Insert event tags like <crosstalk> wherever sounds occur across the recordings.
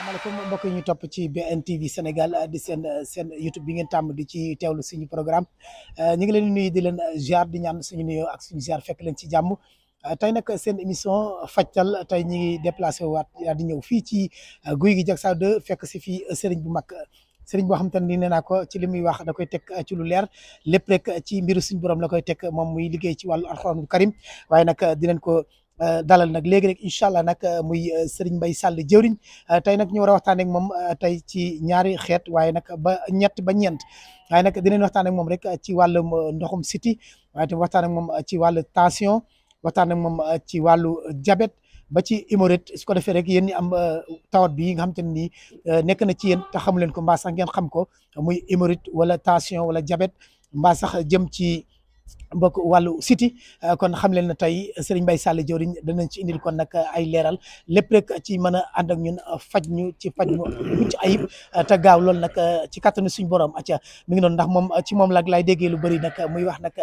asalaamaaleykum mbokk yi ñu topp ci BNTV Sénégal di seen seen YouTube bi ngeen tàmm di ci teewlu suñu programme euh, ñu ngi leen di nuyu di leen ziar di ñaan suñu nuyoo ak suñu ziar fekk leen ci jàmm euh, tey nag seen émission fajtal tey ñu ngi déplacé waat daal di ñëw fii ci euh, guy gi Diacksao 2 fekk si fii sëriñ bu mag sëriñ boo xam te ni nee naa ko ci li muy wax da koy teg ci lu leer lépp rek ci mbiru suñu borom la koy teg moom muy liggéey ci wàllu alxuraan karim waaye nag dinañ ko. Euh, dalal nag léegi rek incha allah nag euh, muy euh, Serigne Mbaye Sall jëwriñ tey nag ñu war a waxtaan ak moom tey ci ñaari xeet waaye nag ba ñett ba ñeent waaye nag dinañ waxtaan ak moom rek ci wàllum ndoxum siti waaye tamit waxtaan ak moom ci wàllu tension waxtaan ak moom ci wàllu diabète ba ci hémorroïde su ko defee rek yéen ñi am tawat bi nga xam te ne nii nekk na ci yéen te xamu leen ko mbaa ngeen xam ko muy hémorroïde wala tension wala diabète mbaa sax jëm ci. bokk wàllu siti euh, kon xam leen na tey Serigne Mbaye Sall jëwriñ danañ ci indil kon nag ay leeral lépp rek ci mën a ànd ak ñun faj ñu ci faj mu mucc ayib euh, te gaaw loolu nag euh, ci kattanu suñ borom acca mi ngi noonu ndax moom ci moom lag lay déggee lu bëri nag muy wax nag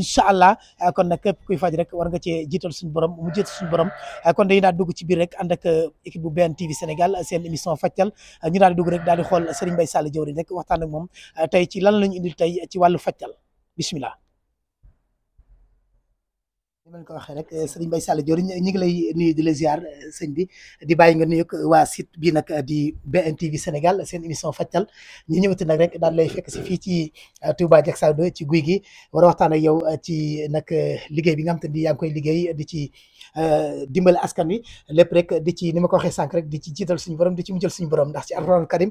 incha allah kon nag képp kuy faj rek war nga cee jiital suñ borom mu jiital suñ borom kon dañu daal dugg ci biir rek ànd ak équipe bu BNTV Sénégal seen émission fajtal ñu daal di dugg rek daal di xool Serigne bay Sall jëwriñ rek waxtaan ak moom tey ci lan lañu indil tey ci wàllu fajtal bismillah ni ma leen ko waxee rek eh, sëriñ Mbaye Sall Dior ñu ngi lay nuyu di la ziar eh, sëñ bi di bàyyi nga nuyu waa site bi nag di BNTV Sénégal seen émission fàccal ñu ñëwati nag rek daal lay fekk si fii ci eh, Touba Diacksado ci guy gi war a waxtaan yow ci nag liggéey bi nga xam te yaa ngi koy liggéey di ci dimbale askan wi lépp rek di ci ni waxee sànq rek di ci jiital suñu borom di ci mujjal suñu borom ndax ci alxuraan karim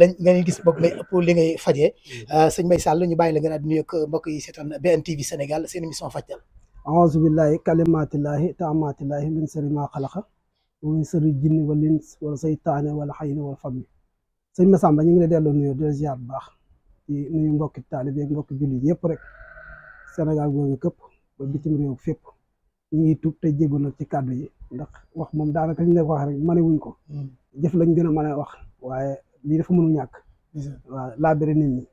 lañ nga gis boog li ngay fajee mm. sëñ Mbaye Sall ñu bàyyi la nga daal di nuyu mbokk yi seetaan BNTV Sénégal seen émission fàccal aouzu billahi kalimatillahi taamatillahi min sëri ma xalaqa wa min sëri jinni wal ins wal saytaane wal xayni wal fammi sëñ Massamba ñu ngi lay delloo nuyoo di ziar bu baax di nuyu mbokki taalibe ak mbokki jullit yëpp rek Sénégal googu këpp ba bitim réew fépp ñu ngi tuub te jéego nag ci kàddu yi ndax wax moom daana li ñu wax rek mane wuñ ko hmm. jëf lañ gën a mën a wax waaye lii dafa mënu ñàkk waaw laabere nit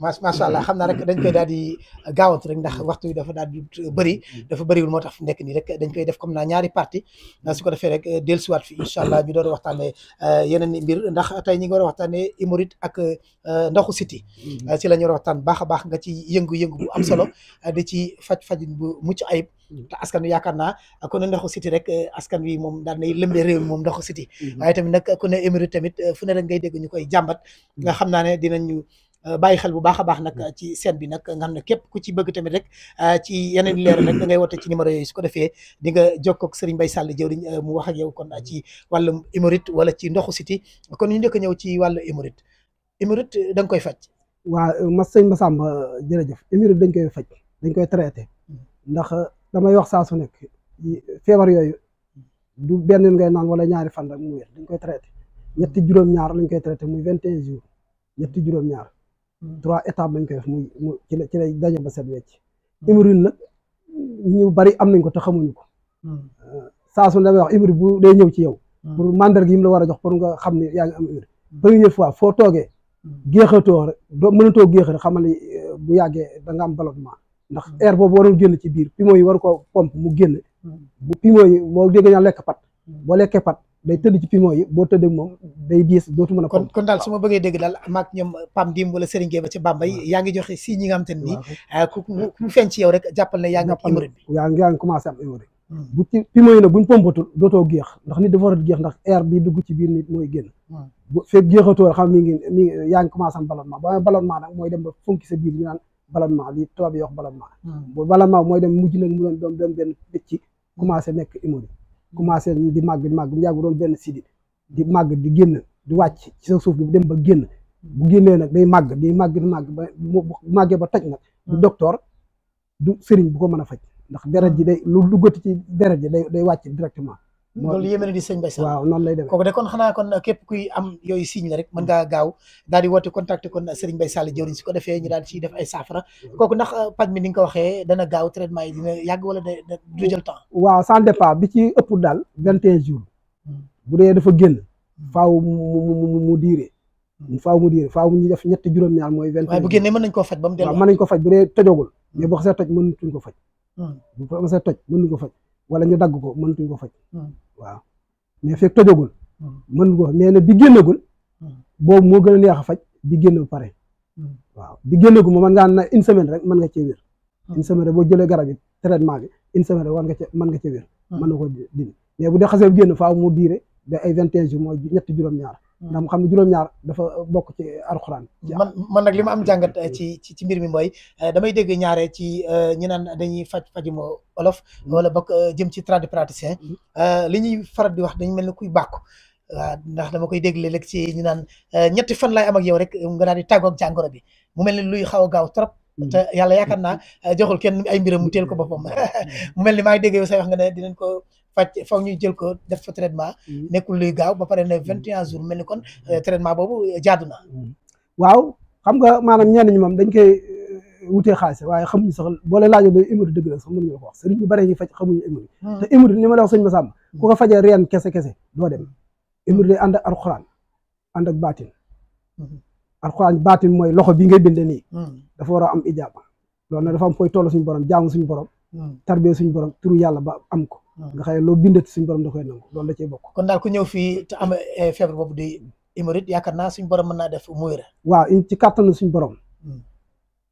macha allah xam na rek dañ koy daal di gaawant rek ndax waxtu yi dafa daal di bëri mm-hmm. dafa bëriwul moo tax nekk nii rek dañ koy def comme naa ñaari parti su ko defee rek eh, dellusiwaat fi incha allah ñu doon a waxtaanee eh, Imorit ak eh, ndoxu siti mm-hmm. si la ñu a waxtaan baax a baax nga ci yëngu-yëngu bu am solo mm-hmm. di ci faj-fajin bu mucc ayib ta askan wi yaakaar naa ku ne ndoxu siti rek askan wi moom daan nay lëmbee réew mi moom ndoxu siti waaye tamit nag ku ne Imorit tamit fu ne rek ngay dégg ñu koy jàmbat nga xam naa ne dinañu Euh, bàyyi xel bu baax a baax nag mm. ci seen bi nag nga xam képp ku ci bëgg tamit rek euh, ci yeneen leer nag da ngay woote ci numéro yooyu su ko defee dinga nga jokkoo ak Serigne Mbaye Sall jëwriñ euh, mu wax ak yow kon ci wàllum hémorroïde wala ci ndoxu siti kon ñu njëkk a ñëw ci wàllu hémorroïde hémorroïde da nga koy faj waaw ma sëñ jërëjëf hémorroïde dañ koy faj dañ koy traité mm. ndax damay wax saa su nekk feebar yooyu du benn ngay naan wala ñaari fan rek mu wér dañ koy traité ñetti juróom-ñaar lañ koy traité muy vingt et un jours ñetti juróom-ñaar trois étapes lañ koy def muy mu ci la ci lay daje ba set wecc imrine hmm. nag ñu bari am nañ ko te xamuñu ko hmm. euh, saa su ne wax imri bu day ñëw ci yow hmm. pour mandarga yi mu la war a jox pour nga xam ne yaa ngi am imri première fois foo toogee géexatoo rek doo mënatoo géex rek xamal ni euh, bu yàggee da nga am ballonnement ndax air boobu waroon génn ci biir pimo yi war ko pompe mu génn bu pimo moo dégg ñaa lekk pat boo lekkee pat day tëdd ci pimo yi boo tëddee moom day diis dootu mën a. kon kon daal su ma bëggee dégg daal maag ñoom Pam Dim wala Serigne Gueye ba ci Bambey yaa ngi joxe si ñi nga xam te ne euh, ne yaa hmm. yi nag buñ a géex ndax air bi dugg ci biir nit mooy génn. Hmm. bu fekk géexatoo xam mi ngi mi ngi yaa ngi commencé am ballonnement boo amee dem ba funki sa biir ñu naan ballonnement li tubaab hmm. mooy dem mujj mu doon doon benn bëcc commencé nekk hémorroïde commencé di màgg di màgg mu yàgg doon benn sidi di màgg di génn di wàcc ci sa suuf bi dem ba génn bu génnee nag day màgg di màgg di màgg ba màggee ba toj nag du hmm. docteur du sëriñ bu ko mën a faj ndax deret ji day lu duggati ci deret ji day day wàcc directement loolu yéeme di sëñ Baye Sall waaw noonu lay demee kooku de kon xanaa kon uh, képp kuy am yooyu signe la rek mën ngaa gaaw daal di woote contact kon uh, Serigne Baye Sall jëriñ su ko defee ñu daal di ciy def ay saafara mm. kooku ndax uh, paj mi ni nga ko waxee dana gaaw traitement yi dina yàgg wala du jël temps waaw sans départ bi ci ëpp daal vingt et un jours mm. bu dee dafa génn mm. faaw mu mu diire faaw mu diire faaw ñu def ñetti juróom-ñaar mooy vingt waaye bu génnee mën nañ koo faj ba mu dellu waaw mën ko faj bu dee tojogul mais ko faj toj mënuñ ko faj bu xasee toj ko fa wala ñu dagg ko mëntuñ ko faj. Hmm. waaw mais fekk tojagul. Hmm. mën ko mais nag bi génnagul. Hmm. boobu moo gën a neex a faj di génn bu pare. waaw di génnagul moom mën ngaa na une semaine rek mën nga cee wér. rek boo jëlee garab yi traitement bi une semaine rek war nga cee mën nga cee wér. mën na ko dindi mais bu dee xasee génn faaw mu diire ba ay vingt et un jours ñetti juróom-ñaar. ndax mu xam ne juróom-ñaar dafa bokk ci alxuraan. man nag li ma am jàngat eh, ci ci ci mbir mi mooy eh, damay dégg ñaare ci eh, ñi naan dañuy faj fajum olof. Mm-hmm. wala bokk jëm ci tradipraticien mm-hmm. li ñuy faral di wax dañu mel ni kuy bàkku. waaw ndax dama koy dégg léeg-léeg ci ñu naan ñetti fan laay am ak yow rek nga daal di tàggoo jàngoro bi mu mel ni luy xaw a gaaw trop. Mm-hmm. te yàlla yaakaar naa joxul kenn ay mbiram mu teel ko boppam. <laughs> mu mel ni maa dégg yow wax nga dinañ ko. faj faw ñuy jël ko def fa traitement. Mm. nekkul luy gaaw ba pare ne mm. vingt et un jours mel ni kon euh, traitement boobu euh, jaadu mm. waaw xam nga maanaam ñenn ñi moom dañ koy euh, wutee xaalis waaye xamuñu sax boo leen laajoo doy émeri dëgg la sax ñu bare ñu faj xamuñu émeri. te émeri ni fajee reen kese kese doo dem émeri day ànd ànd ak baatin. Mm-hmm. alxuraan baatin mooy loxo bi ngay bindee nii. dafa war a am ijaaba loolu nag dafa am fooy toll suñu borom jaamu suñu borom. tarbee suñu borom turu yàlla ba am ko nga xam ne loo bindati suñu borom da koy nangu loolu la cay bokk kon daal ku ñëw fii te am eh, feebar boobu di hémorroïde yaakaar naa suñu borom mën naa def muy ra waaw in ci kàttan suñu borom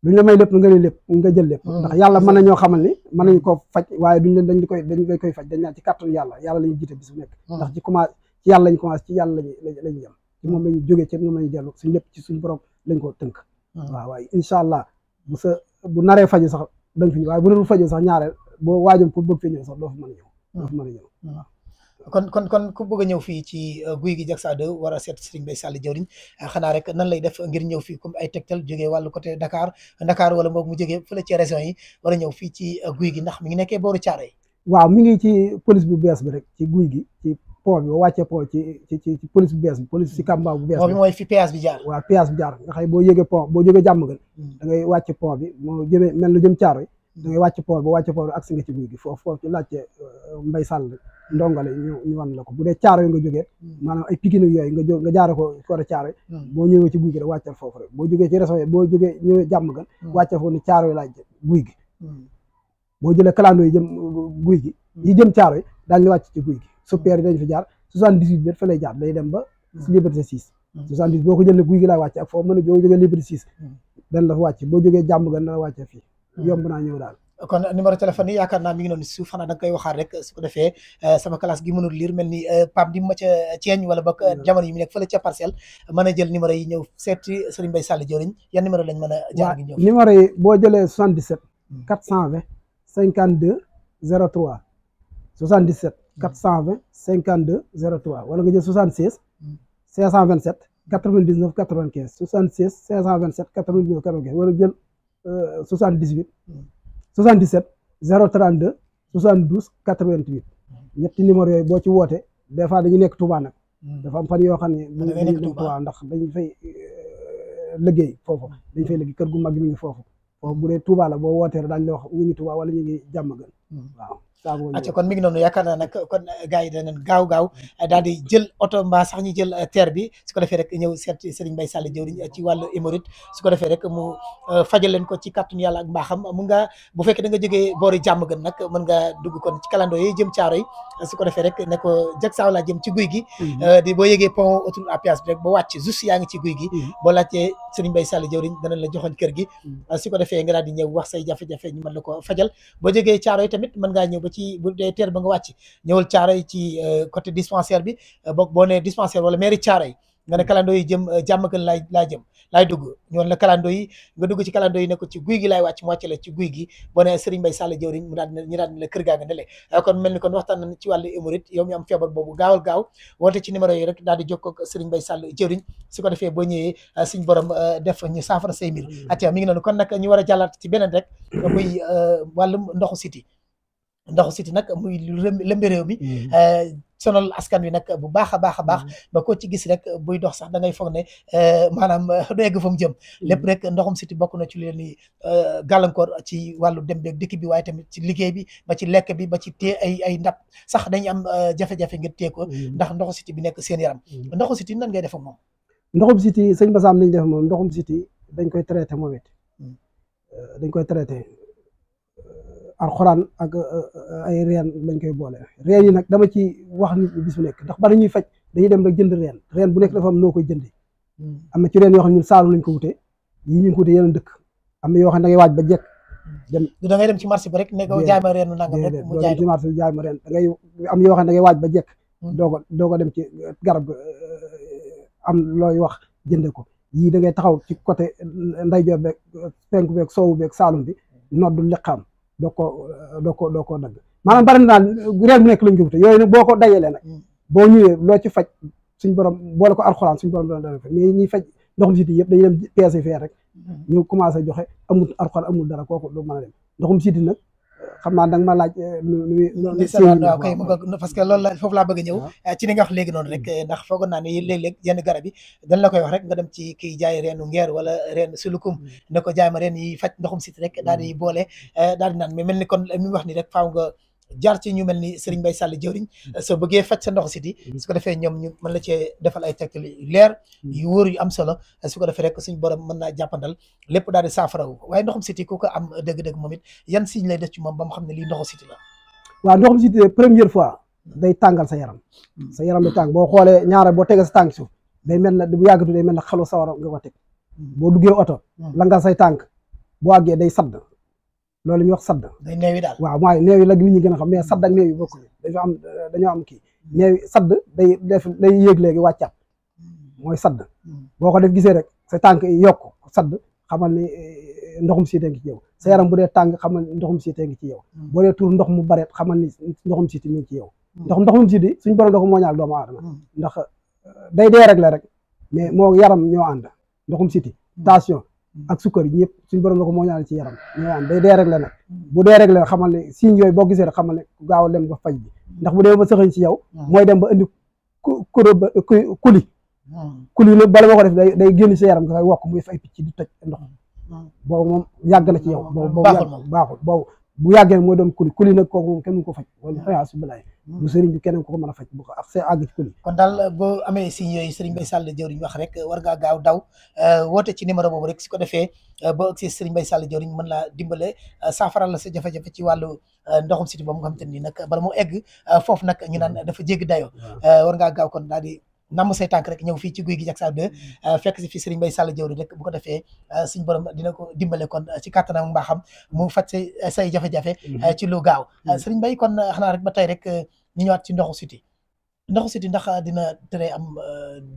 duñ hmm. la may lépp nga ne lépp jël hmm. ndax yàlla mën na ñoo xamal ni mën nañ ko faj waaye duñ leen dañ koy dañ la koy faj dañ naan ci kàttan yàlla yàlla la ñuy jiite bis bu nekk hmm. ndax ci commencé ci yàlla lañ commencé ci yàlla la ñu yem ci moom lañu jógee ci suñ lépp ci suñu borom lañ ko tënk waaw waaye incha allah bu sa bu naree faju sax da nga fi ñëw waaye bu narul faju sax ñaareel boo waajom pour bëgg fi ñëw sax doo fi mën a dootu mën a ñëw waaw kon kon kon ku bëgg a ñëw fii ci uh, guy gi Diaksa 2 war a seet Serigne Mbaye Sall jawriñ uh, xanaa rek nan lay def ngir ñëw fii comme ay tegtal jógee wàllu côté Dakar Dakar wala boog mu jógee fële ci région yi war a ñëw fii ci uh, guy gi ndax mi ngi nekkee booru caare yi waaw mi ngi ci police bu bees bi rek ci guy gi ci pont bi boo wàccee pont ci ci ci police bu bees bi police si kàmbaaw bu bees bi mooy fi péage bi jaar waaw péage bi jaar nga xam boo yëgee pont boo jógee jàmm gën da ngay wàcce pont bi moo jëmee mel lu jëm caaro yi da ngay wàcc port ba wàcc port ba agsi nga ci guy gi foofu foofu ci laajte euh, mbay sàll ndongale la ko bu dee caaro yi nga jógee hmm. maanaam ay pikinu yooyu nga jóg nga jaare ko côté hmm. boo ñëwee ci guy gi rek wàccal foofu rek boo jógee ci réseau yi boo jógee ñëwee jàmm gan hmm. wàccal foofu ni caaro yi laaj guy gi boo jëlee kalandoo yi jëm uh, guy gi yi jëm caaro yi daañu la wàcc ci guy gi super yi dañ fi jaar soixante dix huit bi dem ba boo ko jëlee guy gi laay wàcce a boo jógee liberté la fa wàcc boo jógee jàmm gan dana wàcce fii yomb naa ñëw daal kon numéro téléphone yi yaakaar naa mi ngi noonu suuf xanaa da nga koy waxaat rek su ko defee eh, sama classe gi mënul lire mel ni eh, Pape di ma ca ceeñ wala ba eh, yi mu nekk fële ca parcelle mën a jël numéro yi ñëw seeti Serigne Mbaye Sall jëriñ yan numéro lañ mën a jaar gi ñëw numéro yi boo jëlee 77 420 52 03 77 420 52 03 wala nga jël 76 527 99 95 76 527 99 95 wala jël 78 77 032 72 88 ñetti numéro yoy bo ci woté des fois dañu nek Touba nak dafa am fan yo xam ne mu ngi nek Touba ndax dañ fay liggéey fofu dañ fay liggéey kër gu mag mi ngi fofu foofu bu dé Touba la bo woté dañ la wax ñu ngi Touba wala ñu ngi jàmm gën waaw acca kon mi ngi noonu yaakaar naa kon gars yi gaaw gaaw eh, daal jël oto mbaa sax ñu jël eh, terre bi su ko defee rek ñëw seet Serigne Mbaye Sall jëwriñ eh, ci wàllu émorite su ko defee rek mu fajal leen ko ci kàttanu yàlla ak mbaaxam mun nga bu fekkee da nga jógee boori jàmm gën nag mën nga dugg kon ci calando yi jëm caaro yi su ko defee rek ne ko jag saaw laa jëm ci guy gi mhm. di boo yegee pont autoroute à péage bi rek ba wàcc juste yaa ngi ci guy gi mhm. boo laajtee Serigne Mbaye Sall jëwriñ danañ la joxoon kër gi mhm. su ko defee nga daal di ñëw wax say jafe ja ñu mën la ko fajal ci bu dee teer ba nga wàcc ñëwal Caaroy ci euh, côté dispensaire bi euh, boo boo nee dispensaire wala mairie Caaroy nga ne kalandoo mm. yi jëm euh, jàmm gën laa jëm laay dugg ñoon na kalandoo nga dugg ci kalandoo yi ne ci guy gi laay wàcc mu wàcc la ci guy gi boo ne Serigne Mbaye Sall jëwriñ mu daal ñu daal ne la kër gaa nga ne le kon waxtaan nañ ci wàllu hémorroïde yow mi boobu gaawal gaaw woote ci numéro yi rek daal di jokkoo ak Serigne Mbaye Sall jëwriñ su ko defee boo ñëwee suñ borom def ñu saafara say mbir mm. atia mi ngi noonu kon nag ñu war a jàllaat ci beneen rek muy wàllum ndoxu siti ndoxu siti nag muy lëmbi réew mi mm-hmm. euh, sonal askan wi nag bu baax a baax a baax mm-hmm. ba ko ci gis rek buy dox sax da ngay foog ne euh, maanaam euh, du egg fa jëm mm-hmm. lépp rek ndoxum siti bokk na ci leen ni gàllankoor ci wàllu dem beeg dikk bi waaye tamit ci liggéey bi ba ci lekk bi ba ci tée ay ay ndab sax dañuy am jafe-jafe ngir téye ko ndax ndoxu siti bi nekk seen yaram ndoxu siti nan ngay def ak moom ndoxum siti sëñ Bassam nañ def moom ndoxum siti dañ koy traité moo it mm. dañ koy traité alxuraan ak euh, euh, ay reen lañ koy boole reen yi nag dama ci wax nit ñi bis bu nekk ndax bari ñuy faj dañuy dem rek jënd reen reen bu nekk dafa am noo koy jëndee hmm. am na ci reen yoo xam ñun saalum lañ ko wute yii ñu ko wute yeneen dëkk am na yoo xam ne da waaj ba jekk dem da ngay dem ci bi rek ne ko jaay ma reenu nangam rek mu jaay ci marché yoo xam da ngay waaj ba jekk dooga hmm. dooga dem ci euh, garab am looy wax jënde ko yii da ngay taxaw ci côté ndeyjoor beeg penku beeg soowu beeg saalum bi noddu liqaam doo ko doo ko doo ko dagg maanaam bari na daal réel bu nekk lañ ko wute yooyu nag boo ko dajalee nag mm. boo ñëwee loo ci faj suñ borom boole ko alxuraan suñ borom dana dana faj mais ñuy faj ndoxum siti yëpp dañuy dem PSV rek mm. ñu commencé joxe amul alxuraan amul dara kooku du mën a dem ndoxum siti nag xam naa danga ma laaj. Euh, kay parce que loolu la foofu laa bëgg a ñëw ah. euh, ci li nga wax léegi rek euh, ndax foogoon naa ni léeg-léeg yenn garab yi dañ la wax rek nga dem ci kiy jaay reenu ngeer wala reen sulukum hmm. ne ko jaay ma reen yi faj ndoxum sit rek daal hmm. boole daal di naan mais mel ni kon mi wax ni rek faaw nga jaar ci ñu mel ni Serigne Mbaye Sall jëwriñ mm. soo bëggee faj sa ndox siti mm-hmm. su ko defee ñoom ñu mën la cee defal ay tegtal yu leer mm-hmm. yu wóor yu am solo su ko defee rek suñ borom mën naa jàppandal lépp daal di saafarawu waaye ndoxum siti ku ko am dëgg-dëgg moom it yan signe lay def ci moom ba mu xam ne lii ndoxu siti la waaw ndoxum siti première fois mm. day tàngal sa yaram mm. sa yaram day tàng boo xoolee ñaara boo tege sa tànk su day mel na bu yàggatu day mel na xalu sawara nga ko teg boo duggee oto la nga say tànk boo àggee day sadd loolu ñuy wax sadd day neew daal waaw mooy neew yi la nit ñi gën a xam mais sadd ak neew yi bokkuñu dañoo am dañoo am kii hmm. sadd day def day yéeg léegi wàccaat hmm. mooy sadd hmm. boo ko def gisee rek sa tànk yokk sadd xamal ni eh, ndoxum siite ngi ci yow sa yaram bu dee tàng xamal ni ndoxum siite ngi ci yow boo dee tur ndox mu bareet xamal ni ndoxum siite mi ngi ci yow ndox ndoxum siite suñ borom ndoxum moo ñaal doomu aadama ndax eh, day dee rek la rek mais moo yaram ñoo ànd ndoxum siite tension ak sukkar yi ñëpp suñu borom la ko moo ñaanal ci yaram ñu naan day dee rek la nag bu dee rek la xamal ne signe yooyu boo gisee rek xamal ne gaaw lem nga faj bi ndax bu dee ba sëxañ ci yow hmm. mooy dem ba indi kuroba kuli hmm. kuli nag bala ma ko def day day génn sa yaram nga koy wokk muy fay picc di toj ndox hmm. boobu moom yàgg na ci yow boobu boobu baaxul boobu bu yàggee mooy doon kuli kuli nag kooku moom kenn ko faj wala mm. xëy asubilaay bu mm. sëriñ bi keneen ko ko mën a faj bu ko ak kuli kon daal boo amee si yooyu sëriñ Mbaye Sall jëwriñ wax rek war ngaa gaaw daw euh, woote ci numéro boobu rek su ko defee ba agsi sëriñ Mbaye Sall jëwriñ mën laa dimbale euh, saafaral la sa jafe ci wàllu euh, ndoxum siti boobu nga xam te ni nag bala mu egg foofu nag ñu naan dafa jéggi dayo war ngaa gaaw kon daal namm say tànk rek ñëw fii ci guy gi Diacksal 2 mm-hmm. euh, fekk si fii Serigne Mbaye Sall jëwri rek bu ko defee euh, suñ borom dina ko dimbale kon euh, ci kàttanam mbaaxam mu faj say say jafe-jafe mm-hmm. ci lu gaaw mm-hmm. Serigne bay kon xanaa rek ba tey rek ñu ñëwaat ci ndoxu siti ndoxu siti ndax dina tere am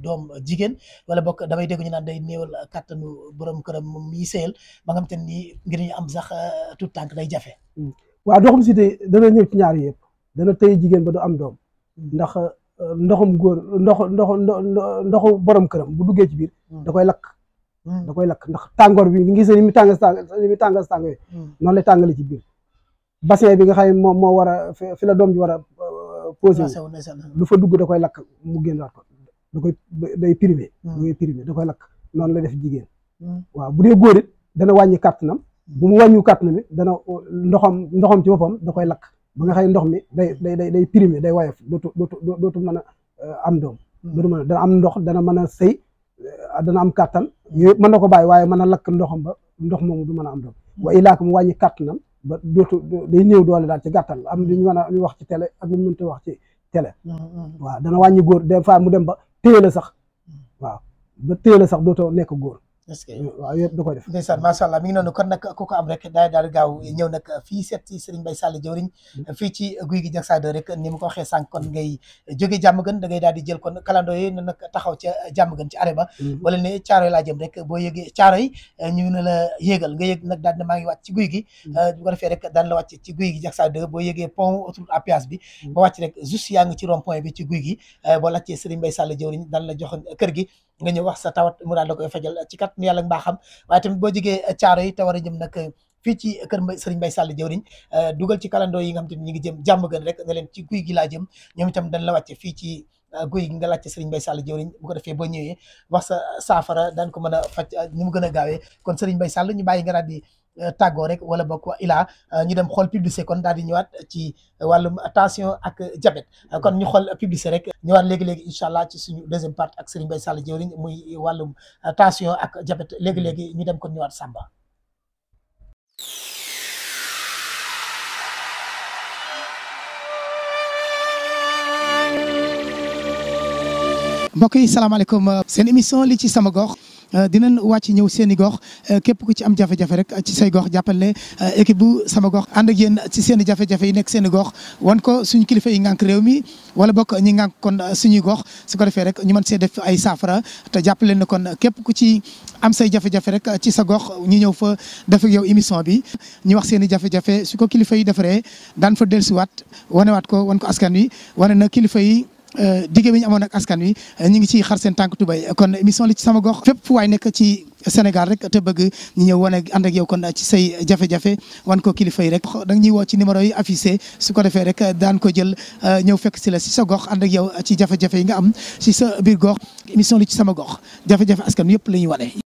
doom jigéen wala bokk damay dégg ñu naan day néewal kàttanu borom këram yi seel ba nga xam te ni ngir ñu am sax tout tànk day jafe waaw ndoxum siti dana ñëw ñaar yëpp dana tey jigéen ba du am doom ndax ndoxum góor ndox ndox ndoxu borom këram bu duggee ci biir hmm. da koy lakk hmm. da koy lakk ndax tàngoor bi ngi se ni mu tàngas tàng ni mu tàngas tàng yooyu hmm. noonu lay tàngale ci biir bassin bi nga xam ne moom moo war a fi la doom ji war a euh, posé lu fa dugg da koy lakk mu génnaat ko da koy day primé da koy primé da koy lakk noonu la def jigéen waaw bu dee góor it dana wàññi kàttanam bu mu wàññu kàttanam it dana ndoxam ndoxam ci boppam da koy lakk ba nga xëy ndox mi day day day day primé day woyof dootu dootu dootu mën a euh, am doom hmm. dootu mën a dana am ndox dana mën a sëy euh, dana am kàttan yooyu mën na ko bàyyi waaye mën a lakk ndoxam ba ndox moomu du mën a am doom hmm. wa ilaa mu wàññi kàttanam ba dootu day néew doole daal ci gàttal am lu ñu mën a ñu wax ci télé ak lu ñu mënta wax ci télé hmm, waaw dana wàññi góor des fois mu dem ba téye la sax waaw ba téye la sax dootoo nekk góor est que waaw yëpp da koy def ndeysaan macha allah mi ngi noonu kon nag ku ko am rek daal daal gaaw ñëw nag fii seet si Serigne Mbaye Sall jëwriñ mm. ci guy gi jag saado rek ni ma ko waxee sànq kon ngay jóge jàmm gën da daal di jël kon calendrier yooyu nag taxaw ca jàmm gën ci arrêt ba mm. wala ne caaro yi laa jëm rek boo yëgee caaro yi ñu ne la yéegal nga yëg nag daal ne maa ngi wàcc ci guy gi mm. euh, bu ko defee rek daan la wàcc ci guy gi jag saado boo yëgee pont autoroute à péage bi ba wàcc rek juste yaa ngi ci rond point bi ci guy gi euh, boo laajtee Serigne Mbaye Sall jëwriñ daan la joxoon kër gi nga ñëw wax sa tawat mu daal la koy fajal ci kat nu yàlla nga baa xam waaye tamit boo jegee caaro yi te war a jëm nag eh, fii ci kër Mbaye Serigne Mbaye Sall jëwriñ eh, dugal ci kalandoo yi nga xam te ni ñu ngi jëm jàmm gën rek nga leen ci guy gi laa jëm ñoom itam la wàcce fii ci eh, guy gi nga laajte Serigne Mbaye Sall jëwriñ bu ko defee boo ñëwee wax sa saafara daan ko mën a faj ni mu gën gaawee kon Serigne bay Sall ñu bàyyi nga daal di tàggoo rek wala bokk ilaa euh, ñu dem xool publicité kon daal di ñëwaat ci wàllum tension ak diabète mm-hmm. kon ñu xool publicité rek ñëwaat léegi-léegi incha allah ci suñu deuxième part ak Serigne Mbaye Sall jëwriñ muy wàllum euh, tension ak diabète léegi-léegi mm-hmm. ñu dem kon ñëwaat Samba mbokk yi salaamaaleykum euh, seen émission li ci sama gox dina euh, dinañ ci ñëw seen i gox euh, képp ku ci am jafe-jafe rek ci say gox jàppal ne euh, équipe bu sama gox ànd ak yéen ci seen i jafe-jafe yi nekk seen i gox wan ko suñu kilifa yi ngànk réew mi wala bokk ñi ngànk kon suñuy gox su ko defee rek ñu mën see def ay saafara te jàppale ne kon képp ku ci am say jafe rek ci sa gox ñu ñëw fa def yow émission bi ñu wax seen i jafe-jafe su ko kilifa yi defaree daan fa dellusiwaat wanewaat ko wan ko askan wi wane na kilifa yi Euh, digge bi ñu amoon ak askan wi euh, ñu ngi ciy xar seen tànk tubay kon émission li ci sama gox fépp fu waay nekk ci Sénégal rek te bëgg ñu ñëw wane ànd ak yow kon ci say jafe-jafe wan ko kilifa yi rek da nga ñuy woo ci numéro yi affiché su ko defee rek daan ko jël euh, ñëw fekk si la si sa gox ànd ak yow ci jafe-jafe yi nga am si sa biir gox émission li ci sama gox jafe-jafe askan wi yëpp la ñuy wane